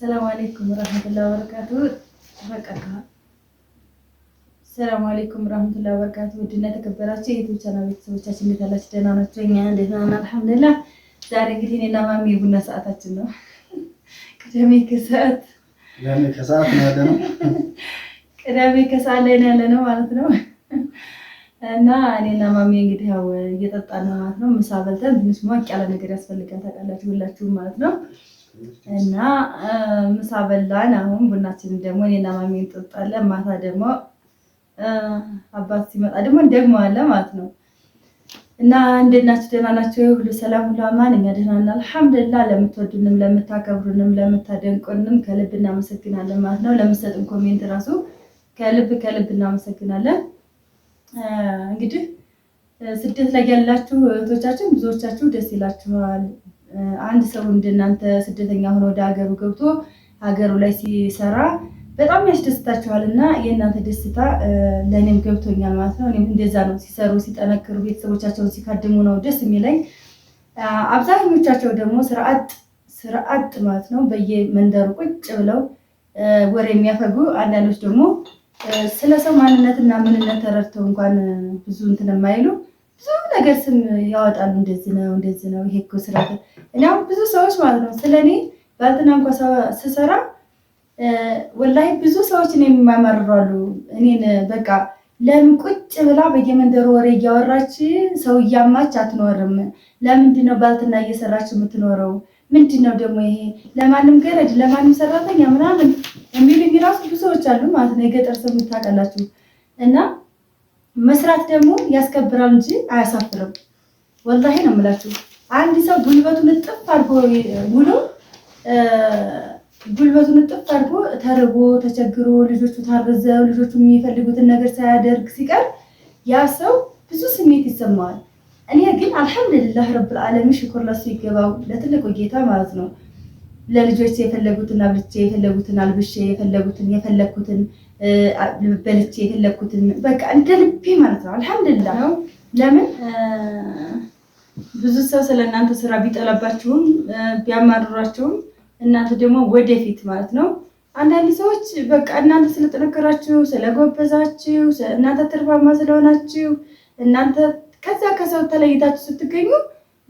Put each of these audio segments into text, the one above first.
ሰላም አለይኩም ረህመቱላሂ ወበረካቱ። ተፈቀካ ሰላም አለይኩም ረህመቱላሂ ወበረካቱ። ውድና የተከበራችሁ የዩቲዩብ ቻናል ቤተሰቦቻችን እንዴት አላችሁ? ደህና ናችሁ? እኛ እንዴት ነን? አልሐምዱሊላህ። ዛሬ እንግዲህ እኔና ማሚ የቡና ሰዓታችን ነው። ቅዳሜ ከሰዓት ቅዳሜ ከሰዓት ነው ያለነው ቅዳሜ ከሰዓት ላይ ነው ያለነው ማለት ነው። እና እኔና ማሚ እንግዲህ ያው እየጠጣን ነው ማለት ነው። ምሳ በልተን ትንሽ ሞቅ ያለ ነገር ያስፈልጋል ታውቃላችሁ፣ ሁላችሁም ማለት ነው እና ምሳ በላን። አሁን ቡናችንን ደግሞ እኔና ማሚ እንጠጣለን። ማታ ደግሞ አባት ሲመጣ ደግሞ እንደግመዋለን ማለት ነው። እና እንዴት ናችሁ? ደህና ሁሉ ሰላም፣ ሁሉ አማን? እኛ ደህና ነን አልሐምዱሊላህ። ለምትወዱንም ለምታከብሩንም ለምታደንቁንም ከልብ እናመሰግናለን ማለት ነው። ለምትሰጡን ኮሜንት ራሱ ከልብ ከልብ እናመሰግናለን። እንግዲህ ስደት ላይ ያላችሁ እህቶቻችን ብዙዎቻችሁ ደስ ይላችኋል አንድ ሰው እንደናንተ ስደተኛ ሆኖ ወደ ሀገሩ ገብቶ ሀገሩ ላይ ሲሰራ በጣም ያስደስታችኋል እና የእናንተ ደስታ ለእኔም ገብቶኛል ማለት ነው። እኔም እንደዛ ነው ሲሰሩ ሲጠነክሩ ቤተሰቦቻቸውን ሲካድሙ ነው ደስ የሚለኝ። አብዛኞቻቸው ደግሞ ስርአት ስርአት ማለት ነው በየመንደሩ ቁጭ ብለው ወሬ የሚያፈጉ አንዳንዶች ደግሞ ስለ ሰው ማንነትና ምንነት ተረድተው እንኳን ብዙ እንትን የማይሉ ብዙ ነገር ስም ያወጣሉ። እንደዚህ ነው እንደዚህ ነው ይሄ እኮ ስራ እኔ ብዙ ሰዎች ማለት ነው ስለ እኔ ባልትና እንኳ ስሰራ ወላሂ ብዙ ሰዎች እኔ የሚያማርራሉ። እኔን በቃ ለምን ቁጭ ብላ በየመንደሩ ወሬ እያወራች ሰው እያማች አትኖርም? ለምንድን ነው ባልትና እየሰራች የምትኖረው? ምንድን ነው ደግሞ ይሄ ለማንም ገረድ ለማንም ሰራተኛ ምናምን የሚሉ የሚራሱ ብዙዎች አሉ ማለት ነው። የገጠር ሰው የምታውቃላችሁ እና መስራት ደግሞ ያስከብራል እንጂ አያሳፍርም። ወላሂ ነው የምላችሁ። አንድ ሰው ጉልበቱን እጥፍ አድርጎ ውሎ ጉልበቱን እጥፍ አድርጎ ተርቦ ተቸግሮ ልጆቹ ታርዘው ልጆቹ የሚፈልጉትን ነገር ሳያደርግ ሲቀር ያ ሰው ብዙ ስሜት ይሰማዋል። እኔ ግን አልሐምዱሊላህ ረብል ዓለሚ ሽኩር ለሱ ይገባው ለትልቁ ጌታ ማለት ነው። ለልጆች የፈለጉትን አብልቼ የፈለጉትን አልብሼ የፈለጉትን የፈለግኩትን በልቼ የፈለግኩትን በቃ እንደ ልቤ ማለት ነው። አልሐምዱሊላህ ነው። ለምን ብዙ ሰው ስለ እናንተ ስራ ቢጠላባችሁም ቢያማርሯችሁም እናንተ ደግሞ ወደፊት ማለት ነው አንዳንድ ሰዎች በቃ እናንተ ስለጠነከራችሁ ስለጎበዛችሁ፣ እናንተ ትርፋማ ስለሆናችሁ እናንተ ከዛ ከሰው ተለይታችሁ ስትገኙ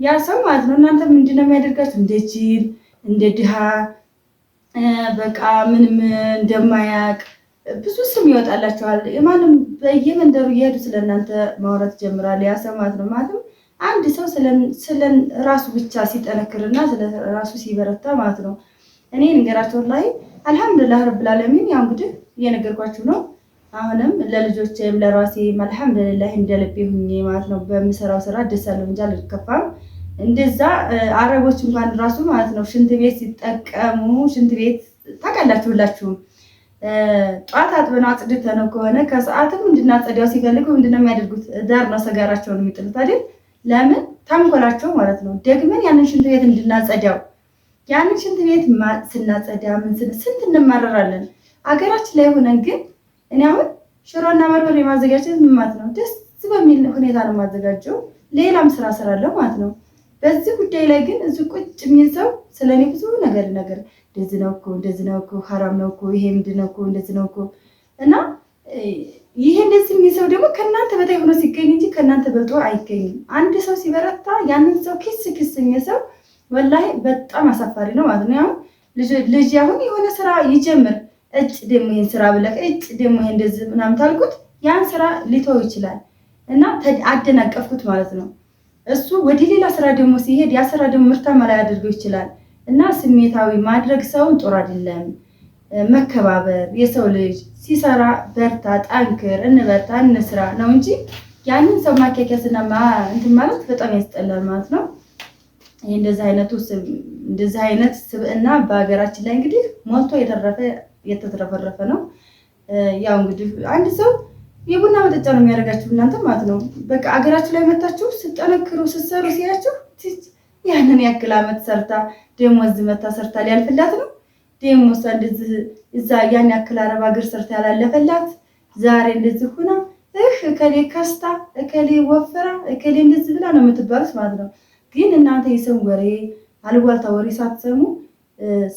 ያ ሰው ማለት ነው እናንተ ምንድነው የሚያደርጋችሁ እንደችል እንደ ድሃ በቃ ምንም እንደማያቅ ብዙ ስም ይወጣላቸዋል። ማንም በየመንደሩ እየሄዱ ስለእናንተ ማውራት ጀምራል። ያሰማት ነው ማለትም አንድ ሰው ስለ ራሱ ብቻ ሲጠነክርና ስለ ራሱ ሲበረታ ማለት ነው። እኔ ንገራቸው ላይ አልሐምዱላህ ረብላለሚን ዓለሚን ያው እንግዲህ እየነገርኳችሁ ነው። አሁንም ለልጆቼም ለራሴ አልሐምዱላህ እንደልቤ ሁኜ ማለት ነው በምሰራው ስራ ደሳለሁ እንጂ አልከፋም። እንደዛ አረቦች እንኳን ራሱ ማለት ነው ሽንት ቤት ሲጠቀሙ ሽንት ቤት ታውቃላችሁ ሁላችሁም። ጧት አጥበነው ነው ከሆነ ከሰዓትም እንድናጸዳው ሲፈልጉ ምንድነው የሚያደርጉት? ዳር ነው ሰጋራቸውን የሚጥሉት አይደል? ለምን ታምኮላቸው ማለት ነው። ደግመን ያንን ሽንት ቤት እንድናጸዳው ያንን ሽንት ቤት ስናጸዳ ምን ስንት እንማረራለን። አገራችን ላይ ሆነን ግን እኔ አሁን ሽሮና መርበር የማዘጋጀት ምን ማለት ነው? ደስ በሚል ሁኔታ ነው የማዘጋጀው። ሌላም ስራ ስራለሁ ማለት ነው። በዚህ ጉዳይ ላይ ግን እዚህ ቁጭ የሚል ሰው ስለ እኔ ብዙ ነገር ነገር እንደዚህ ነው እኮ እንደዚህ ነው እኮ ሀራም ነው እኮ ይሄ ምንድን ነው እኮ እንደዚህ ነው እኮ እና ይሄ እንደዚህ የሚል ሰው ደግሞ ከእናንተ በታይ ሆኖ ሲገኝ እንጂ ከእናንተ በልጦ አይገኝም። አንድ ሰው ሲበረታ ያንን ሰው ኪስ ኪስ የሚል ሰው ወላሂ በጣም አሳፋሪ ነው ማለት ነው። ልጅ አሁን የሆነ ስራ ይጀምር እጭ ደግሞ ይህን ስራ ብለህ እጭ ደግሞ ይሄ እንደዚህ ምናምን ታልኩት ያን ስራ ሊተው ይችላል እና አደናቀፍኩት ማለት ነው። እሱ ወደ ሌላ ስራ ደግሞ ሲሄድ ያ ስራ ደግሞ ምርታማ ላያደርገው ይችላል። እና ስሜታዊ ማድረግ ሰውን ጥሩ አይደለም። መከባበር የሰው ልጅ ሲሰራ በርታ፣ ጠንክር፣ እንበርታ፣ እንስራ ነው እንጂ ያንን ሰው ማኪያኪያስና እንትን ማለት በጣም ያስጠላል ማለት ነው። እንደዚህ አይነቱ እንደዚህ አይነት ስብዕና በሀገራችን ላይ እንግዲህ ሞልቶ የተረፈ የተትረፈረፈ ነው። ያው እንግዲህ አንድ ሰው የቡና መጠጫ ነው የሚያደርጋችሁ እናንተ ማለት ነው። በቃ አገራችሁ ላይ መታችሁ ስጠነክሩ ስትሰሩ ሲያችሁ ያንን ያክል አመት ሰርታ እዚህ መታ ሰርታ ሊያልፍላት ነው። ደሞዝ እንደዚህ እዛ ያን ያክል አረብ ሀገር ሰርታ ያላለፈላት ዛሬ እንደዚህ ሁና እህ እከሌ ከስታ እከሌ ወፍራ እከሌ እንደዚህ ብላ ነው የምትባሉት ማለት ነው። ግን እናንተ የሰው ወሬ አልቧልታ ወሬ ሳትሰሙ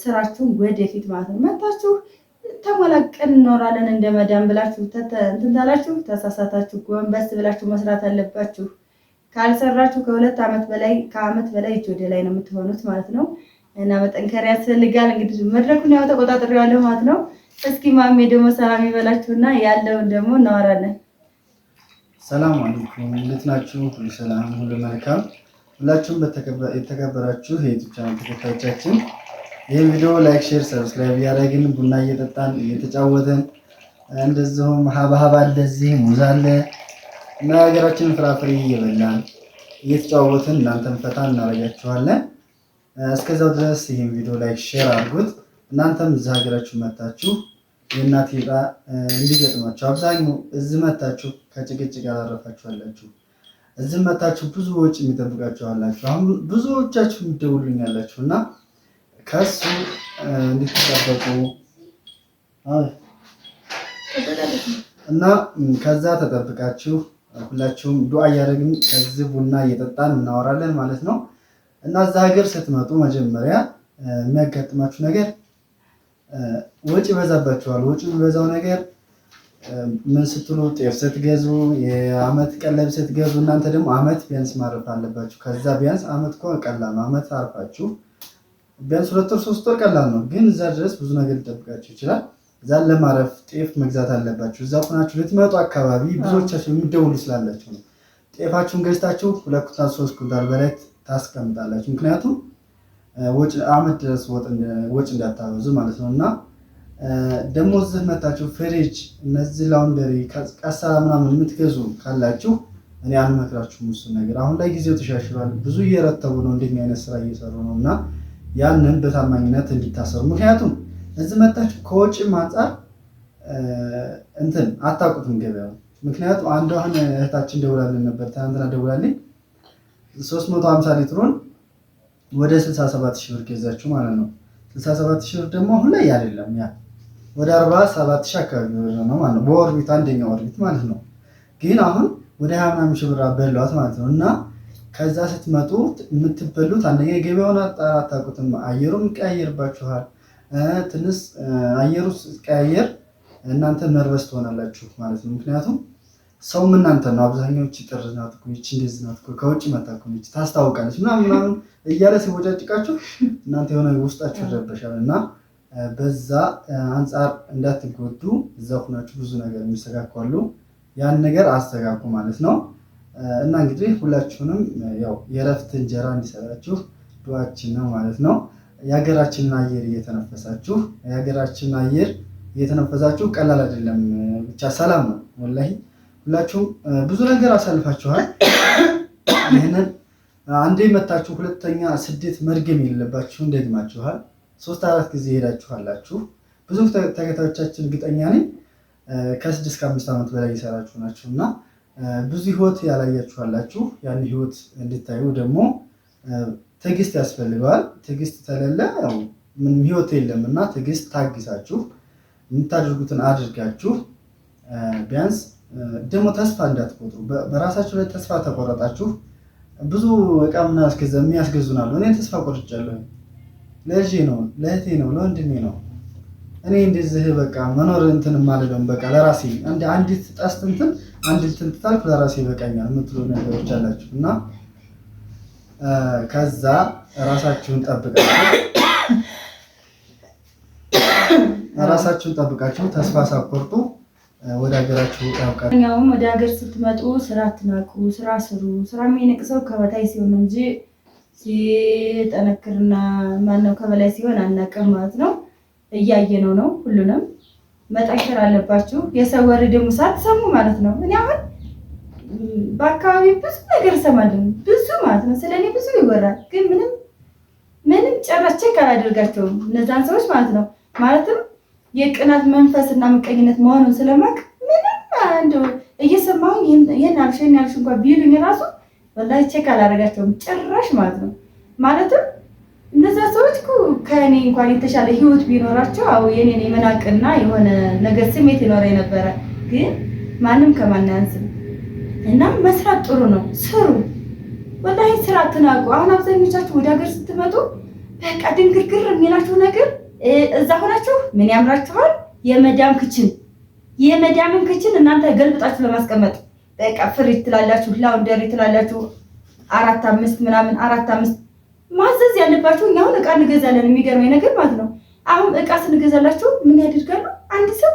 ስራችሁን ወደፊት ማለት ነው መታችሁ ተሞላቀን እኖራለን እንደ መዳን ብላችሁ እንትን ታላችሁ፣ ተሳሳታችሁ። ጎንበስ ብላችሁ መስራት አለባችሁ። ካልሰራችሁ ከሁለት ዓመት በላይ ከዓመት በላይ እጅ ወደ ላይ ነው የምትሆኑት ማለት ነው። እና መጠንከር ያስፈልጋል። እንግዲህ መድረኩን ያው ተቆጣጥሬዋለሁ ማለት ነው። እስኪ ማሜ ደግሞ ሰላም ይበላችሁና ያለውን ደግሞ እናወራለን። ሰላም አለይኩም፣ እንዴት ናችሁ? ሁሉ ሰላም፣ ሁሉ መልካም። ሁላችሁም የተከበራችሁ የኢትዮጵያ ተከታዮቻችን ይህ ቪዲዮ ላይክ፣ ሼር፣ ሰብስክራይብ እያደረግን ቡና እየጠጣን እየተጫወተን እንደዚሁም ሀብሀብ አለ እዚህ ሙዝ አለ እና የሀገራችንን ፍራፍሬ እየበላን እየተጫወትን እናንተን ፈታ እናረጋችኋለን። እስከዛው ድረስ ይህም ቪዲዮ ላይክ ሼር አድርጉት። እናንተም እዚህ ሀገራችሁ መታችሁ የእናት ዕጣ እንዲገጥማችሁ አብዛኛው እዚህ መታችሁ ከጭቅጭቅ ያላረፋችሁ አላችሁ። እዚህ መታችሁ ብዙ ወጪ የሚጠብቃችሁ አሁን ብዙዎቻችሁ የሚደውሉኛላችሁ እና ከሱ እንድትጠበቁ እና ከዛ ተጠብቃችሁ ሁላችሁም ዱዓ እያደረግን ከዚህ ቡና እየጠጣን እናወራለን ማለት ነው። እና እዛ ሀገር ስትመጡ መጀመሪያ የሚያጋጥማችሁ ነገር ወጪ ይበዛባችኋል። ወጪ የሚበዛው ነገር ምን ስትሉ ጤፍ ስትገዙ፣ የአመት ቀለብ ስትገዙ እናንተ ደግሞ አመት ቢያንስ ማረፍ አለባችሁ። ከዛ ቢያንስ አመት እኮ አመት አርፋችሁ ቢያንስ ሁለት ወር ሶስት ወር ቀላል ነው፣ ግን እዛ ድረስ ብዙ ነገር ሊጠብቃቸው ይችላል። እዛን ለማረፍ ጤፍ መግዛት አለባቸው። እዛ ሆናችሁ ልትመጡ አካባቢ ብዙዎቻቸው የሚደውሉ ስላላቸው ነው። ጤፋችሁን ገዝታችሁ ሁለት ኩንታል ሶስት ኩንታል በላይ ታስቀምጣላችሁ። ምክንያቱም አመት ድረስ ወጭ እንዳታበዙ ማለት ነው። እና ደግሞ እዚህ መታችሁ ፍሪጅ፣ እነዚህ ላውንደሪ፣ ቀሰራ ምናምን የምትገዙ ካላችሁ እኔ አልመክራችሁም እሱን ነገር። አሁን ላይ ጊዜው ተሻሽሏል። ብዙ እየረተቡ ነው፣ እንደኛ አይነት ስራ እየሰሩ ነው እና ያንን በታማኝነት እንዲታሰሩ። ምክንያቱም እዚህ መጣች ከወጪም አንጻር እንትን አታውቁትም ገበያው። ምክንያቱም አንዷ አሁን እህታችን ደውላልን ነበር ትናንትና ደውላልኝ 350 ሊትሩን ወደ 67 ሺህ ብር ገዛችሁ ማለት ነው። 67 ሺህ ብር ደግሞ አሁን ላይ አይደለም ያ ወደ 47 ሺህ አካባቢ ነው ማለት ነው። በኦርቢት አንደኛው ኦርቢት ማለት ነው። ግን አሁን ወደ 20 ሺህ ብር አበሏት ማለት ነው እና ከዛ ስትመጡ የምትበሉት አንደኛ የገበያውን አታውቁትም፣ አየሩም ይቀያየርባችኋል። ትንስ አየሩ ቀያየር እናንተ መርበስ ትሆናላችሁ ማለት ነው። ምክንያቱም ሰውም እናንተ ነው። አብዛኛዎች ጥር ናት እኮ ይቺ እንደዚህ ከውጭ መጣ እኮ ይቺ ታስታውቃለች ምናምን ምናምን እያለ ሲወጫጭቃችሁ እናንተ የሆነ ውስጣችሁ ይረበሻል እና በዛ አንጻር እንዳትጎዱ እዛ ሁናችሁ ብዙ ነገር የሚስተካከሉ ያን ነገር አስተካኩ ማለት ነው። እና እንግዲህ ሁላችሁንም ያው የእረፍት እንጀራ እንዲሰጣችሁ ዱዋችን ነው ማለት ነው። የሀገራችንን አየር እየተነፈሳችሁ የሀገራችንን አየር እየተነፈሳችሁ ቀላል አይደለም፣ ብቻ ሰላም ነው። ወላሂ ሁላችሁም ብዙ ነገር አሳልፋችኋል። ይህንን አንዴ መታችሁ፣ ሁለተኛ ስደት መድገም የሌለባችሁን እንደግማችኋል። ሶስት አራት ጊዜ ሄዳችኋላችሁ። ብዙ ተከታዮቻችን እርግጠኛ ነኝ ከስድስት ከአምስት ዓመት በላይ የሰራችሁ ናችሁ እና ብዙ ህይወት ያላያችኋላችሁ ያን ህይወት እንድታዩ ደግሞ ትዕግስት ያስፈልገዋል። ትዕግስት ተለለ ምንም ህይወት የለም እና ትዕግስት ታግሳችሁ የምታደርጉትን አድርጋችሁ ቢያንስ ደግሞ ተስፋ እንዳትቆጥሩ። በራሳችሁ ላይ ተስፋ ተቆረጣችሁ ብዙ እቃ ምናምን የሚያስገዙናሉ። እኔ ተስፋ ቆርጫለሁ። ለልጄ ነው፣ ለእህቴ ነው፣ ለወንድሜ ነው። እኔ እንደዚህ በቃ መኖር እንትን ማለለውም በቃ ለራሴ አንዲት ጠስት እንትን አንድ እንትን ትታልፍ ለራሴ ይበቃኛል የምትሉ ነገሮች አላችሁ እና ከዛ ራሳችሁን ጠብቃችሁ ራሳችሁን ጠብቃችሁ ተስፋ ሳቆርጡ ወደ ሀገራችሁ ያውቃል። እኛውም ወደ ሀገር ስትመጡ ስራ አትናቁ፣ ስራ ስሩ። ስራ የሚንቅሰው ከበታይ ሲሆን እንጂ ሲጠነክርና ማነው ከበላይ ሲሆን አናውቅም ማለት ነው። እያየነው ነው ሁሉንም መጠንከር አለባችሁ። የሰው ወሬ ደግሞ ሳትሰሙ ማለት ነው። እኔ አሁን በአካባቢ ብዙ ነገር እሰማለሁ፣ ብዙ ማለት ነው። እኔ ብዙ ይወራል፣ ግን ምንም ምንም ጨራሽ ቼክ አላደርጋቸውም እነዛን ሰዎች ማለት ነው። ማለትም የቅናት መንፈስና ምቀኝነት መሆኑን ስለማቅ ምንም እንደው እየሰማሁኝ ይህን አልሽ ይህን ያልሽ እንኳ ቢሉኝ ራሱ ወላሂ ቼክ አላደርጋቸውም ጭራሽ ማለት ነው ማለትም እነዛ ሰዎች እኮ ከእኔ እንኳን የተሻለ ህይወት ቢኖራቸው አዎ የኔን የመናቅና የሆነ ነገር ስሜት ይኖረ የነበረ ግን ማንም ከማን አያንስም። እናም መስራት ጥሩ ነው፣ ስሩ። ወላሂ ስራ አትናቁ። አሁን አብዛኞቻችሁ ወደ ሀገር ስትመጡ በቃ ድንግርግር የሚላችሁ ነገር እዛ ሆናችሁ ምን ያምራችኋል? የመዳም ክችን የመዳምን ክችን እናንተ ገልብጣችሁ ለማስቀመጥ በቃ ፍሪጅ ትላላችሁ፣ ላውንደሪ ትላላችሁ፣ አራት አምስት ምናምን አራት አምስት ማዘዝ ያለባቸው እኛ አሁን እቃ እንገዛለን። የሚገርመኝ ነገር ማለት ነው አሁን እቃ ስንገዛላቸው ምን ያደርጋሉ? አንድ ሰው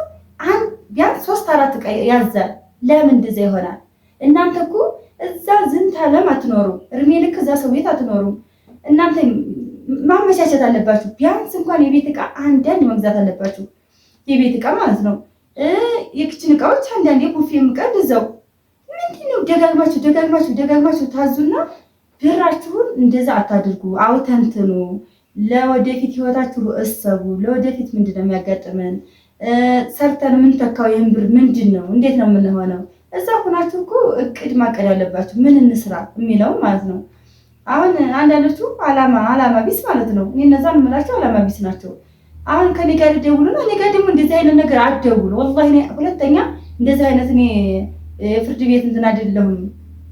ቢያንስ ሶስት አራት እቃ ያዛል። ለምን እንደዛ ይሆናል? እናንተ እኮ እዛ ዝንት አለም አትኖሩም። እድሜ ልክ እዛ ሰው ቤት አትኖሩም። እናንተ ማመቻቸት አለባችሁ። ቢያንስ እንኳን የቤት እቃ አንዳንድ መግዛት አለባችሁ። የቤት እቃ ማለት ነው የክችን እቃዎች አንዳንድ የቡፌ ምቀድ እዛው ምንድነው ደጋግማችሁ ደጋግማችሁ ደጋግማችሁ ታዙና ብራችሁን እንደዛ አታድርጉ። አውተንትኑ። ለወደፊት ህይወታችሁ እሰቡ። ለወደፊት ምንድን ነው የሚያጋጥመን? ሰርተን የምንተካው ይህን ብር ምንድን ነው? እንዴት ነው የምንሆነው? እዛ ሆናችሁ እኮ እቅድ ማቀድ አለባችሁ። ምን እንስራ የሚለው ማለት ነው። አሁን አንዳንዶቹ አላማ አላማ ቢስ ማለት ነው። እኔ እነዛን የምላቸው አላማ ቢስ ናቸው። አሁን ከኔ ጋር ደውሉና እኔ ጋር ደግሞ እንደዚህ አይነት ነገር አትደውሉ። ወላሂ ሁለተኛ እንደዚህ አይነት እኔ ፍርድ ቤት እንትን አይደለሁም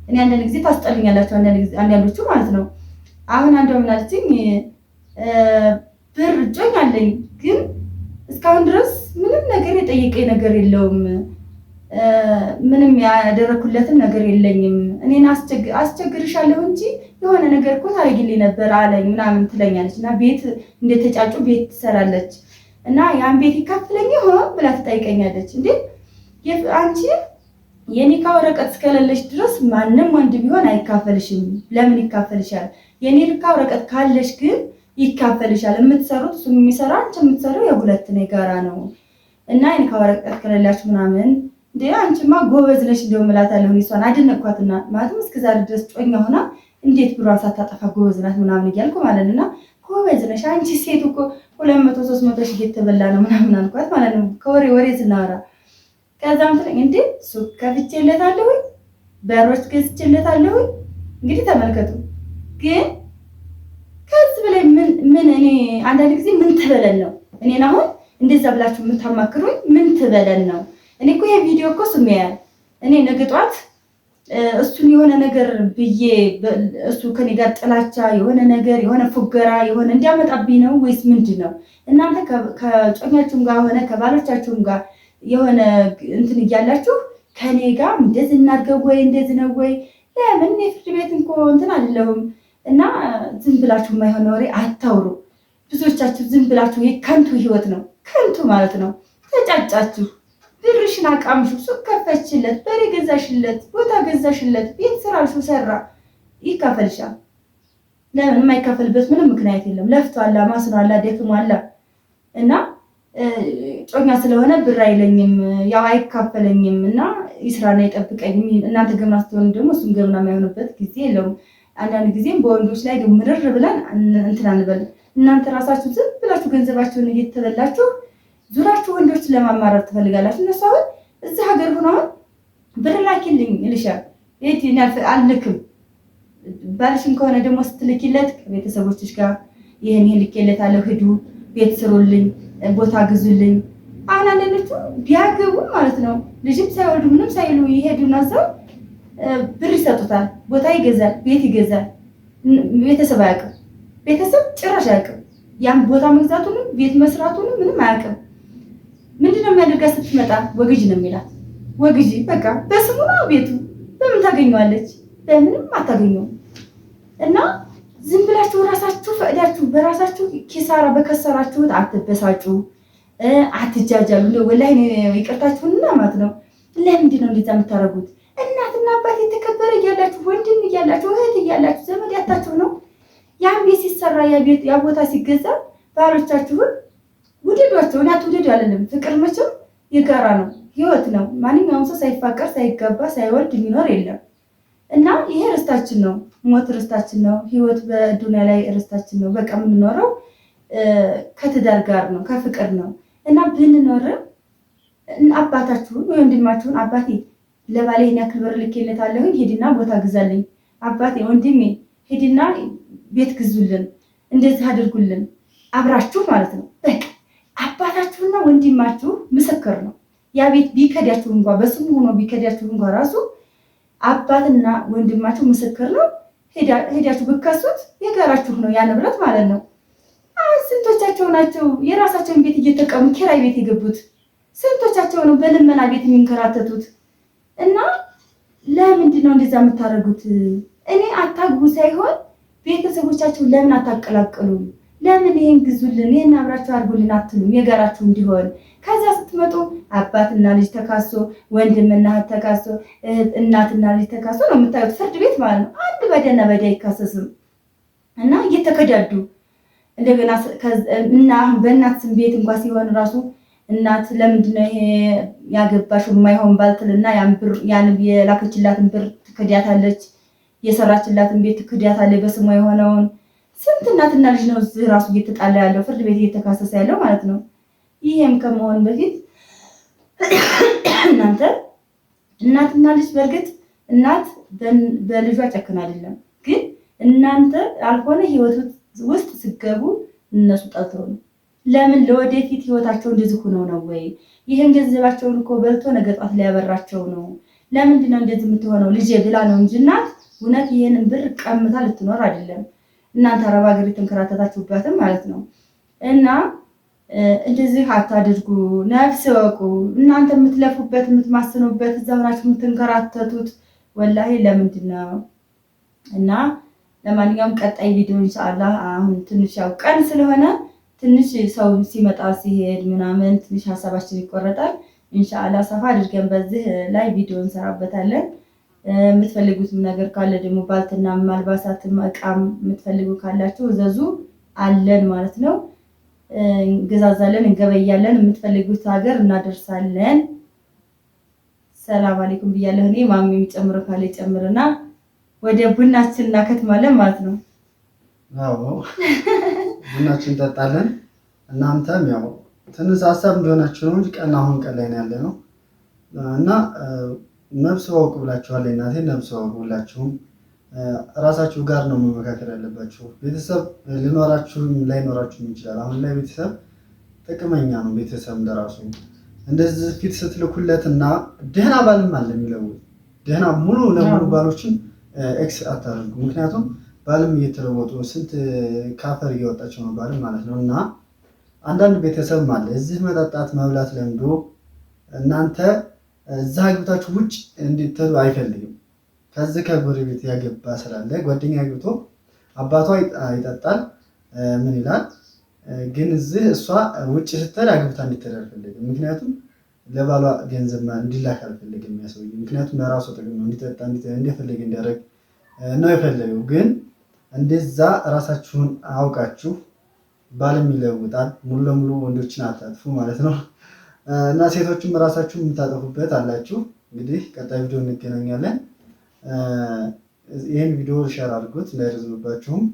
እኔ አንዳንድ ጊዜ ታስጠልኛላቸው አንዳንዶቹ ማለት ነው። አሁን አንዷ ምናለችኝ ብር እጆኝ አለኝ ግን እስካሁን ድረስ ምንም ነገር የጠየቀኝ ነገር የለውም። ምንም ያደረኩለትም ነገር የለኝም። እኔን አስቸግርሻለሁ እንጂ የሆነ ነገር እኮ ታደርጊልኝ ነበር አለኝ ምናምን ትለኛለች። እና ቤት እንደተጫጩ ቤት ትሰራለች እና ያን ቤት ይካፍለኝ ሆ ብላ ትጠይቀኛለች። እንዴ አንቺ የኒካ ወረቀት እስከሌለሽ ድረስ ማንም ወንድ ቢሆን አይካፈልሽም። ለምን ይካፈልሻል? የኒካ ወረቀት ካለሽ ግን ይካፈልሻል። የምትሰሩት እሱ የሚሰራ አንቺ የምትሰሪው የሁለት ነው የጋራ ነው እና የኒካ ወረቀት ከሌላችሁ ምናምን እንደ አንቺማ ጎበዝ ነሽ እንደው እላታለሁ። እሷን አደነኳትና ማለትም እስከዛሬ ድረስ ጮኛ ሆና እንዴት ብሯን ሳታጠፋ ጎበዝ ናት ምናምን እያልኩ ማለት እና ጎበዝ ነሽ አንቺ ሴት እኮ ሁለት መቶ ሶስት መቶ ሺህ እየተበላ ነው ምናምን አልኳት ማለት ነው ከወሬ ወሬ ስናወራ ከዛም ትለኝ እንዴ ሱቅ ከፍቼለታለሁ፣ በሮች ገዝቼለታለሁ። እንግዲህ ተመልከቱ። ግን ከዚህ በላይ ምን ምን እኔ አንዳንድ ጊዜ ምን ትበለን ነው እኔን አሁን እንደዛ ብላችሁ የምታማክሩኝ ምን ትበለን ነው? እኔ እኮ ይሄ ቪዲዮ እኮ እሱም ያያል። እኔ ነገ ጠዋት እሱን የሆነ ነገር ብዬ እሱ ከኔ ጋር ጥላቻ የሆነ ነገር የሆነ ፉገራ የሆነ እንዲያመጣብኝ ነው ወይስ ምንድን ነው? እናንተ ከጮኛችሁም ጋር ሆነ ከባሎቻችሁም ጋር የሆነ እንትን እያላችሁ ከኔ ጋር እንደዚህ እናድርገው ወይ እንደዚህ ነው ወይ ለምን የፍርድ ቤት እንኮ እንትን አይደለሁም እና ዝም ብላችሁ የማይሆነ ወሬ አታውሩ። ብዙዎቻችሁ ዝም ብላችሁ ከንቱ ህይወት ነው ከንቱ ማለት ነው። ተጫጫችሁ፣ ብርሽን አቃምሹ፣ ሱቅ ከፈችለት፣ በሬ ገዛሽለት፣ ቦታ ገዛሽለት፣ ቤት ስራሹ ሰራ ይካፈልሻል። ለምን የማይካፈልበት ምንም ምክንያት የለም። ለፍቶ አላ ማስኖ አላ ደክሞ አላ እና ጮኛ ስለሆነ ብር አይለኝም፣ ያው አይካፈለኝም እና ይስራና ይጠብቀኝም። እናንተ ገምና ስትሆኑ ደግሞ እሱም ገምና የማይሆንበት ጊዜ የለውም። አንዳንድ ጊዜም በወንዶች ላይ ምርር ብለን እንትን አንበል። እናንተ ራሳችሁ ዝም ብላችሁ ገንዘባችሁን እየተበላችሁ ዙራችሁ ወንዶች ለማማረር ትፈልጋላችሁ። እነሱ አሁን እዚህ ሀገር ሆኖ አሁን ብር ላኪልኝ ይልሻል። አልልክም ባልሽም ከሆነ ደግሞ ስትልኪለት ከቤተሰቦችሽ ጋር ይህን ይህን አለው ሂዱ ቤት ስሩልኝ፣ ቦታ ግዙልኝ አሁን አንዳንዶቹ ቢያገቡ ማለት ነው ልጅም ሳይወልዱ ምንም ሳይሉ ይሄዱና ሰው ብር ይሰጡታል፣ ቦታ ይገዛል፣ ቤት ይገዛል። ቤተሰብ አያውቅም፣ ቤተሰብ ጭራሽ አያውቅም። ያም ቦታ መግዛቱንም ቤት መስራቱንም ምንም አያውቅም። ምንድነው የሚያደርጋት ስትመጣ? ወግጅ ነው የሚላት። ወግጅ በቃ በስሙ ነው ቤቱ። በምን ታገኘዋለች? በምንም አታገኘው? እና ዝም ብላችሁ ራሳችሁ ፈቅዳችሁ በራሳችሁ ኪሳራ በከሰራችሁት አትበሳጩ። አትጃጃሉ። ወላሂ ይቅርታችሁንና ማለት ነው። ለምንድን ነው እንደዛ የምታደርጉት? እናትና አባት የተከበረ እያላችሁ ወንድም እያላችሁ እህት እያላችሁ ዘመድ ያታችሁ ነው። ያ ቤት ሲሰራ ያ ቦታ ሲገዛ ባሎቻችሁን ውደዷቸውን አትውደዱ አለንም። ፍቅር መቼም የጋራ ነው፣ ህይወት ነው። ማንኛውም ሰው ሳይፋቀር ሳይጋባ ሳይወልድ የሚኖር የለም እና ይሄ ርስታችን ነው። ሞት ርስታችን ነው። ህይወት በዱንያ ላይ ርስታችን ነው። በቃ የምንኖረው ከትዳር ጋር ነው፣ ከፍቅር ነው። እና ብንኖርም አባታችሁን ወይ ወንድማችሁን አባቴ ለባሌ ይህን ያክል ብር ልኬለታለሁኝ ሂድና ቦታ ግዛልኝ፣ አባቴ ወንድሜ ሂድና ቤት ግዙልን፣ እንደዚህ አድርጉልን፣ አብራችሁ ማለት ነው። በቃ አባታችሁና ወንድማችሁ ምስክር ነው። ያ ቤት ቢከዳችሁ እንኳ በስሙ ሆኖ ቢከዳችሁ እንኳ ራሱ አባትና ወንድማችሁ ምስክር ነው። ሄዳችሁ ብከሱት የጋራችሁ ነው ያ ንብረት ማለት ነው። ስንቶቻቸው ናቸው የራሳቸውን ቤት እየጠቀሙ ኪራይ ቤት የገቡት? ስንቶቻቸው ነው በልመና ቤት የሚንከራተቱት? እና ለምንድን ነው እንደዛ የምታደርጉት? እኔ አታግቡ ሳይሆን ቤተሰቦቻቸው ለምን አታቀላቅሉ? ለምን ይህን ግዙልን፣ ይሄን አብራችሁ አድርጉልን አትሉም? የጋራችሁ እንዲሆን። ከዛ ስትመጡ አባትና ልጅ ተካሶ፣ ወንድምና እህት ተካሶ፣ እናትና ልጅ ተካሶ ነው የምታዩት። ፍርድ ቤት ማለት ነው። አንድ በዳና በዳ አይካሰስም እና እየተከዳዱ እንደገና እና በእናት ስም ቤት እንኳ ሲሆን ራሱ እናት ለምንድነው ይሄ ያገባሽ የማይሆን ባልትልና ያን የላከችላትን ብር ትክዳታለች፣ የሰራችላትን ቤት ትክዳታለች። በስሟ የሆነውን ስንት እናትና ልጅ ነው እዚህ ራሱ እየተጣላ ያለው ፍርድ ቤት እየተካሰሰ ያለው ማለት ነው። ይሄም ከመሆን በፊት እናንተ እናትና ልጅ በእርግጥ እናት በልጇ ጨክን አይደለም፣ ግን እናንተ አልሆነ ህይወት ውስጥ ስገቡ እነሱ ጠልተው ነው። ለምን ለወደፊት ህይወታቸው እንደዚህ ሆነው ነው ወይ? ይህን ገንዘባቸውን እኮ በልቶ ነገ ጧት ሊያበራቸው ነው። ለምንድን ነው እንደዚህ የምትሆነው ልጄ ብላ ነው እንጂ እናት እውነት ይህንን ብር ቀምታ ልትኖር አይደለም። እናንተ አረብ ሀገር የተንከራተታችሁባትም ማለት ነው እና እንደዚህ አታድርጉ። ነፍስ ወቁ። እናንተ የምትለፉበት የምትማስኑበት እዛ ሆናችሁ የምትንከራተቱት ወላሂ ለምንድን ነው እና ለማንኛውም ቀጣይ ቪዲዮ ኢንሻአላህ አሁን ትንሽ ያው ቀን ስለሆነ ትንሽ ሰው ሲመጣ ሲሄድ ምናምን ትንሽ ሀሳባችን ይቆረጣል። እንሻላ ሰፋ አድርገን በዚህ ላይ ቪዲዮ እንሰራበታለን። የምትፈልጉትም ነገር ካለ ደግሞ ባልትና፣ አልባሳትም፣ እቃም የምትፈልጉ ካላችሁ እዘዙ አለን ማለት ነው። እንገዛዛለን፣ እንገበያለን፣ የምትፈልጉት ሀገር እናደርሳለን። ሰላም አለይኩም ብያለሁ እኔ ማሚ የሚጨምረው ካለ ይጨምርና ወደ ቡናችን እናከትማለን ማለት ነው። አዎ ቡናችን እንጠጣለን። እናንተም ያው ትንሽ ሀሳብ እንደሆናችሁ ነው እንጂ ቀን አሁን ቀን ላይ ነው ያለ ነው እና ነፍስ ወቅ ብላችኋል። እናቴ ነፍስ ወቅ ራሳችሁ ጋር ነው መመካከል ያለባችሁ። ቤተሰብ ሊኖራችሁም ላይኖራችሁም ይችላል። አሁን ላይ ቤተሰብ ጥቅመኛ ነው። ቤተሰብ እንደራሱ እንደዚህ ፊት ስትልኩለት እና ደህና ባልም አለ የሚለው ደህና ሙሉ ለሙሉ ባሎችን ኤክስ አታደርጉ። ምክንያቱም ባልም እየተለወጡ ስንት ካፈር እየወጣቸው ነው ባልም ማለት ነው። እና አንዳንድ ቤተሰብ አለ እዚህ መጠጣት መብላት ለምዶ እናንተ እዛ ግብታችሁ ውጭ እንዲትሉ አይፈልግም። ከዚህ ከጎረቤት ያገባ ስላለ ጓደኛ ግብቶ አባቷ ይጠጣል ምን ይላል ግን እዚህ እሷ ውጭ ስትል አግብታ እንዲትል አልፈልግም ምክንያቱም ለባሏ ገንዘብ እንዲላክ አልፈለገም ያ ምክንያቱም ለራሱ ጥቅም ነው፣ እንዲጠጣ እንዲፈለግ እንዲያደርግ ነው የፈለገው። ግን እንደዛ ራሳችሁን አውቃችሁ ባልም ይለውጣል። ሙሉ ለሙሉ ወንዶችን አታጥፉ ማለት ነው። እና ሴቶችም ራሳችሁን የምታጠፉበት አላችሁ። እንግዲህ ቀጣይ ቪዲዮ እንገናኛለን። ይህን ቪዲዮ ሸር አድርጉት እንዳይረዝምባችሁም።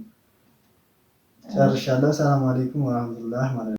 ጨርሻለሁ። ሰላም አሌይኩም ወረህመቱላህ ማለት ነው።